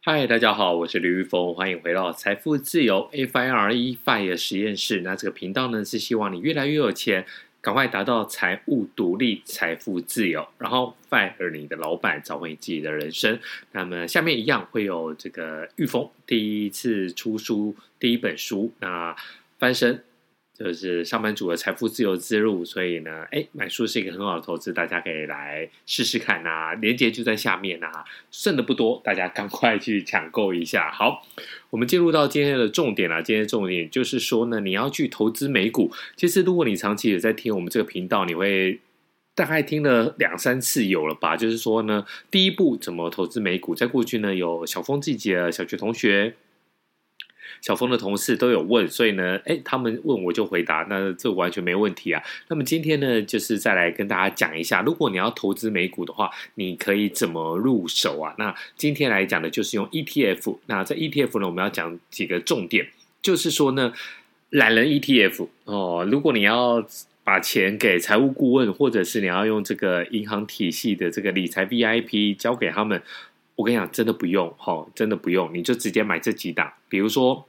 嗨，大家好，我是林裕豐，歡迎回到財富自由 FIRE FIRE 實驗室。那這個頻道呢，是希望你越來越有錢，趕快達到財務獨立、財富自由，然後 FIRE 你的老闆，找回你自己的人生。那麼下面一樣會有這個裕豐第一次出書第一本書，那翻身。就是上班族的財富自由之路，所以呢，哎，買書是一個很好的投資，大家可以來試試看吶、啊，鏈接就在下面啊，剩的不多，大家趕快去搶購一下。好，我們進入到今天的重點啊，今天的重點就是說呢，你要去投資美股。其實，如果你長期也在聽我們這個頻道，你會大概聽了兩三次有了吧？就是說呢，第一步怎麼投資美股，在過去呢，有小峰姐姐、小菊同學。小峰的同事都有問，所以呢，哎，他們問我就回答，那這完全沒問題啊。那麼今天呢，就是再來跟大家講一下，如果你要投資美股的話，你可以怎麼入手啊？那今天來講的就是用 ETF。那在 ETF 呢，我們要講幾個重點，就是說呢，懶人 ETF 哦，如果你要把錢給財務顧問，或者是你要用這個銀行體系的這個理財 VIP 交給他們。我跟你講，真的不用，哦，真的不用，你就直接買這幾檔。比如說，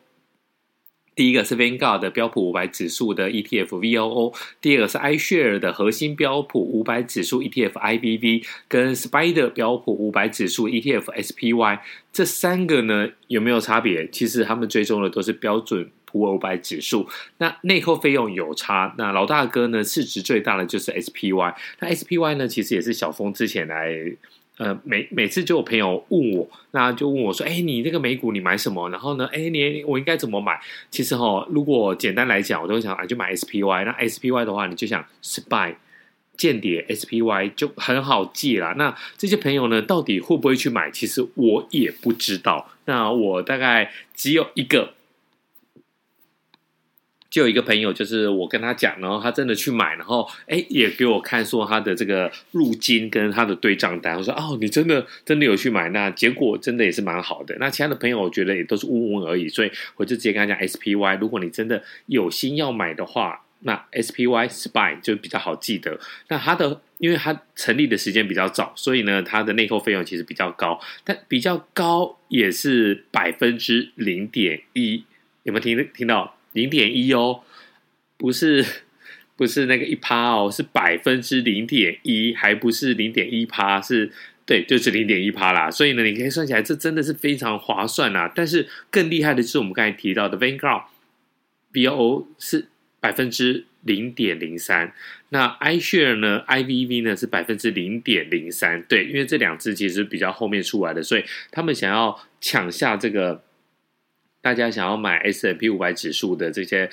第一個是 Vanguard 的標普五百指數的 ETF VOO，第二個是 iShare 的核心標普五百指數 ETF IVV，跟 Spider 標普五百指數 ETF SPY。這三個呢，有沒有差別？其實他們追蹤的都是標準普五百指數。那內扣費用有差。那老大哥呢，市值最大的就是 SPY。那 SPY 呢，其實也是小峰之前來。呃，每每次就有朋友問我，那就問我說，哎、欸，你這個美股你買什麼？然後呢，哎、欸，你我應該怎麼買？其實哈、哦，如果簡單來講，我都會想，哎、啊，就買 SPY。那 SPY 的話，你就想 spy 間諜 SPY 就很好記啦。那這些朋友呢，到底會不會去買？其實我也不知道。那我大概只有一個。就有一個朋友，就是我跟他講，然後他真的去買，然後哎，也給我看說他的這個入金跟他的對賬單，我說哦，你真的真的有去買，那結果真的也是蠻好的。那其他的朋友，我覺得也都是問問而已，所以我就直接跟他講 SPY，如果你真的有心要買的話，那 SPY SPY 就比較好記得。那它的因為它成立的時間比較早，所以呢，它的內扣費用其實比較高，但比較高也是百分之零點一，有沒有聽聽到？零點一哦，不是不是那個一趴哦，是百分之零點一，還不是零點一趴，是對，就是零點一趴啦。所以呢，你可以算起來，這真的是非常划算啦、啊，但是更厲害的是，我們剛才提到的 Vanguard VOO 是百分之零點零三，那 iShare 呢，IVV 呢是百分之零點零三。對，因為這兩隻其實比較後面出來的，所以他們想要搶下這個。大家想要買 S&P 五百指數的這些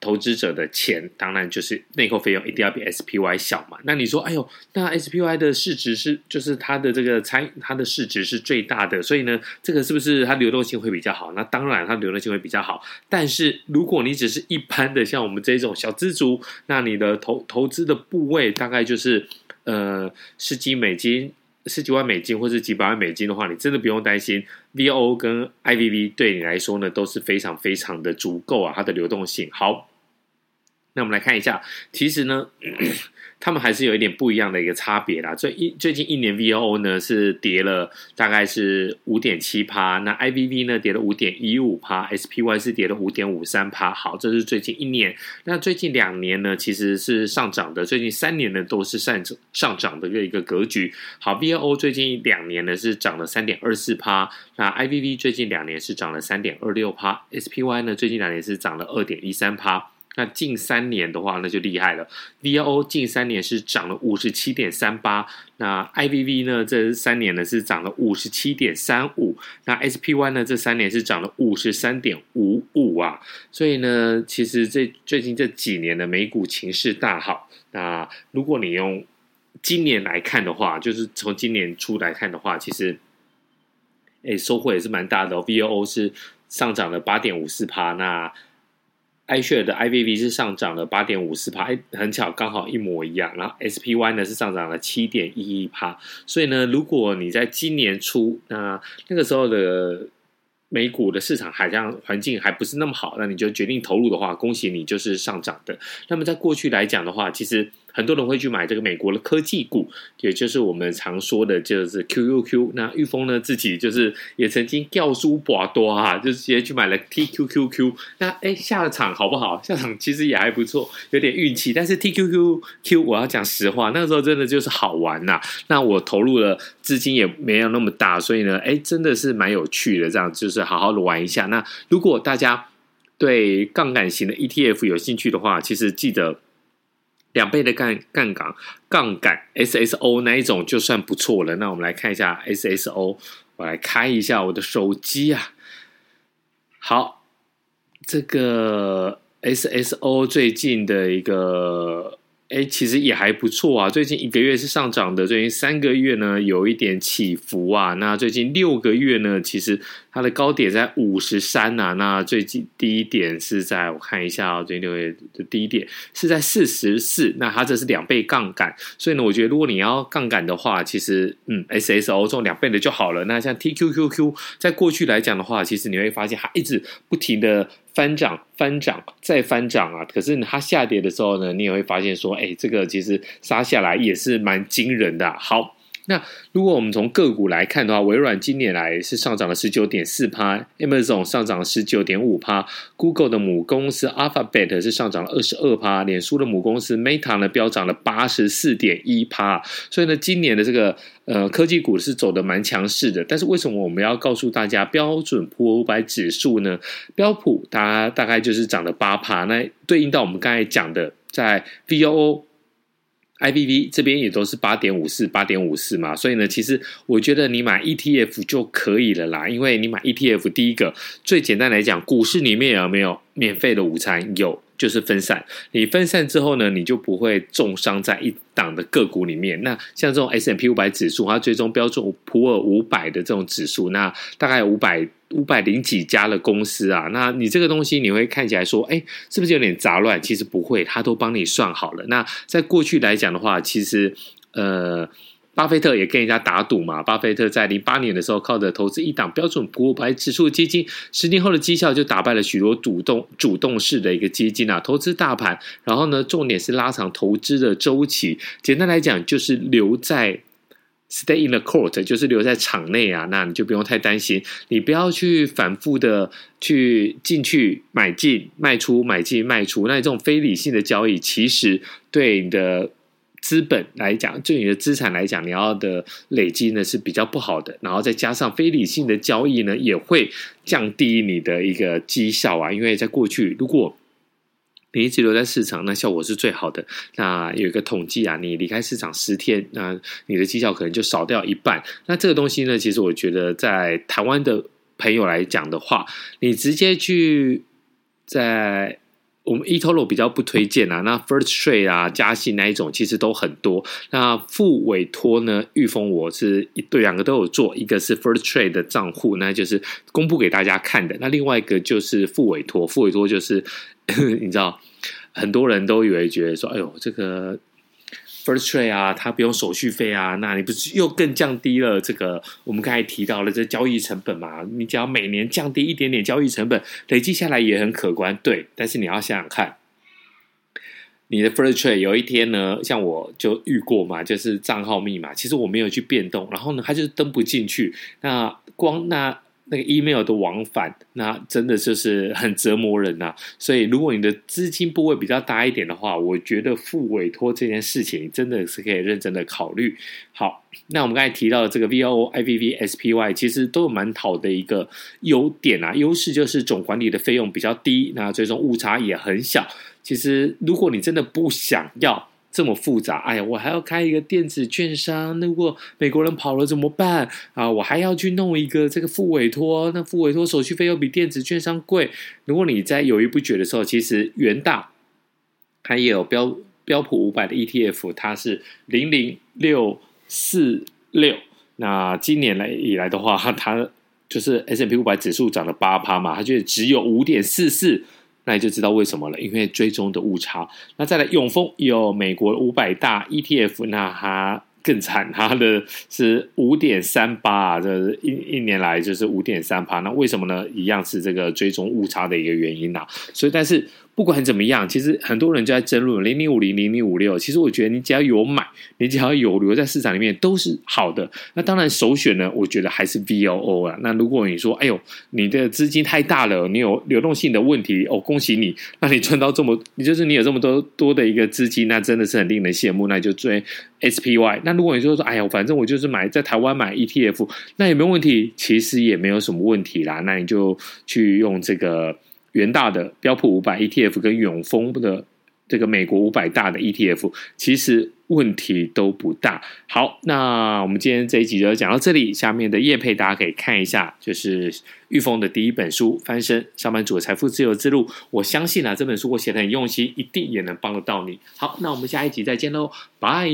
投資者的錢，當然就是內扣費用一定要比 SPY 小嘛。那你說，哎呦，那 SPY 的市值是就是它的這個參，它的市值是最大的，所以呢，這個是不是它流動性會比較好？那當然，它流動性會比較好。但是如果你只是一般的像我們這種小資族，那你的投投資的部位大概就是呃，十幾美金。十幾萬美金，或者是幾百萬美金的話，你真的不用擔心，VOO 跟 IVV 對你來說呢都是非常非常的足夠啊，它的流動性好。那我們來看一下，其實呢，咳咳，他們還是有一點不一樣的一個差別啦。最最近一年，VOO 呢是跌了大概是五點七趴，那 I V V 呢跌了五點一五趴，S P Y 是跌了五點五三趴。好，這是最近一年。那最近兩年呢，其實是上漲的。最近三年呢，都是上漲上漲的一個一個格局。好，VOO 最近兩年呢是漲了三點二四趴，那 I V V 最近兩年是漲了三點二六趴，S P Y 呢最近兩年是漲了二點一三趴。那近三年的話，那就厲害了。VOO 近三年是漲了五十七點三八，那 IVV 呢？這三年呢是漲了五十七點三五，那 SPY 呢？這三年是漲了五十三點五五啊！所以呢，其實這最近這幾年的美股情勢大好。那如果你用今年來看的話，就是從今年出來看的話，其實，哎、欸，收穫也是蠻大的、哦。VOO 是上漲了八點五四趴，那。iShares 的 I V V 是上漲了八點五四帕，很巧，剛好一模一樣。然後 S P Y 呢是上漲了七點一一帕，所以呢，如果你在今年初那那個時候的美股的市場好像環境還不是那麼好，那你就決定投入的話，恭喜你就是上漲的。那麼在過去來講的話，其實。很多人會去買這個美國的科技股，也就是我們常說的，就是 QQQ。那裕豐呢自己就是也曾經教書包多啊，就直、是、接去買了 TQQQ 那。那哎，下了場好不好？下場其實也還不錯，有點運氣。但是 TQQQ，我要講實話，那時候真的就是好玩吶、啊。那我投入的資金也沒有那麼大，所以呢，哎，真的是蠻有趣的。這樣就是好好的玩一下。那如果大家對槓桿型的 ETF 有興趣的話，其實記得。兩倍的槓槓桿槓桿 S S O 那一種就算不錯了。那我們來看一下 S S O，我來開一下我的手機啊。好，這個 S S O 最近的一個哎，其實也還不錯啊。最近一個月是上漲的，最近三個月呢有一點起伏啊。那最近六個月呢，其實。它的高點在五十三吶，那最近低點是在我看一下、哦、最近六月的低點是在四十四，那它這是兩倍槓桿，所以呢，我覺得如果你要槓桿的話，其實嗯，S S O 這種兩倍的就好了。那像 T Q Q Q，在過去來講的話，其實你會發現它一直不停的翻漲、翻漲、再翻漲啊，可是它下跌的時候呢，你也會發現說，哎，這個其實殺下來也是蠻驚人的、啊。好。那如果我們從個股來看的話，微軟今年來是上漲了十九點四趴，Amazon 上漲十九點五趴，Google 的母公司 Alphabet 是上漲了二十二趴，臉書的母公司 Meta 呢飆漲了八十四點一趴。所以呢，今年的這個呃科技股是走的蠻強勢的。但是為什麼我們要告訴大家標準普五百指數呢？標普它大概就是漲了八趴。那對應到我們剛才講的在 VOO。IVV 這邊也都是八點五四八點五四嘛，所以呢，其實我覺得你買 E T F 就可以了啦，因為你買 E T F，第一個最簡單來講，股市裡面有沒有免費的午餐？有，就是分散。你分散之後呢，你就不會重傷在一檔的個股裡面。那像這種 S&P 五百指數，它最終標準普爾五百的這種指數，那大概五百。五百零幾家的公司啊，那你這個東西你會看起來說，誒，是不是有點雜亂？其實不會，他都幫你算好了。那在過去來講的話，其實呃，巴菲特也跟人家打賭嘛。巴菲特在零八年的時候，靠着投資一檔標準普爾指數基金，十年後的績效就打敗了許多主動主動式的一個基金啊，投資大盤，然後呢，重點是拉長投資的周期。簡單來講，就是留在。Stay in the court，就是留在場內啊，那你就不用太擔心。你不要去反覆的去進去買進、賣出、買進、賣出，那這種非理性的交易，其實對你的資本來講，對你的資產來講，你要的累積呢是比較不好的。然後再加上非理性的交易呢，也會降低你的一個績效啊。因為在過去，如果你一直留在市場，那效果是最好的。那有一個統計啊，你離開市場十天，那你的績效可能就少掉一半。那這個東西呢，其實我覺得在台灣的朋友來講的話，你直接去在。我們 eToro 比較不推薦啊，那 First Trade 啊，嘉信那一種其實都很多。那複委託呢，裕豐我是一對兩個都有做，一個是 First Trade 的賬戶，那就是公布給大家看的。那另外一個就是複委託，複委託就是 你知道很多人都以為覺得說，哎呦這個。First trade 啊，它不用手續費啊，那你不是又更降低了這個我們剛才提到了這交易成本嘛？你只要每年降低一點點交易成本，累積下來也很可觀。對，但是你要想想看，你的 First trade 有一天呢，像我就遇過嘛，就是賬號密碼其實我沒有去變動，然後呢，它就登不進去。那光那。那個 email 的往返，那真的就是很折磨人啊！所以如果你的資金部位比較大一點的話，我覺得複委託這件事情你真的是可以認真的考慮。好，那我們剛才提到的這個 VOO IVV SPY 其實都有蠻好的一個優點啊，優勢就是總管理的費用比較低，那最終誤差也很小。其實如果你真的不想要，這麼複雜，哎呀，我還要開一個電子券商，如果美國人跑了怎麼辦啊？我還要去弄一個這個複委託，那複委託手續費又比電子券商貴。如果你在猶豫不決的時候，其實元大它也有標標普五百的 ETF，它是零零六四六。那今年來以來的話，它就是 S&P 五百指數漲了八趴嘛，它就只有五點四四。那你就知道為什麼了，因為追蹤的誤差。那再來永豐有美國的五百大 ETF，那它更慘，它的是五點三八啊，這一一年來就是五點三八。那為什麼呢？一樣是這個追蹤誤差的一個原因啊。所以，但是。不管怎麼樣，其實很多人就在爭論零零五零、零零五六。其實我覺得，你只要有買，你只要有留在市場裡面，都是好的。那當然，首選呢，我覺得還是 VOO 啊。那如果你說，哎呦，你的資金太大了，你有流動性的問題，哦，恭喜你，那你賺到這麼，你就是你有這麼多多的一個資金，那真的是很令人羨慕。那你就追 SPY。那如果你就說，哎呀，反正我就是買在台灣買 ETF，那也沒有問題，其實也沒有什麼問題啦。那你就去用這個。元大的標普五百 ETF 跟永豐的這個美國五百大的 ETF，其實問題都不大。好，那我們今天這一集就講到這裡。下面的業配大家可以看一下，就是裕豐的第一本書《翻身：上班族的財富自由之路》。我相信啊，這本書我寫得很用心，一定也能幫得到你。好，那我們下一集再見嘍，拜。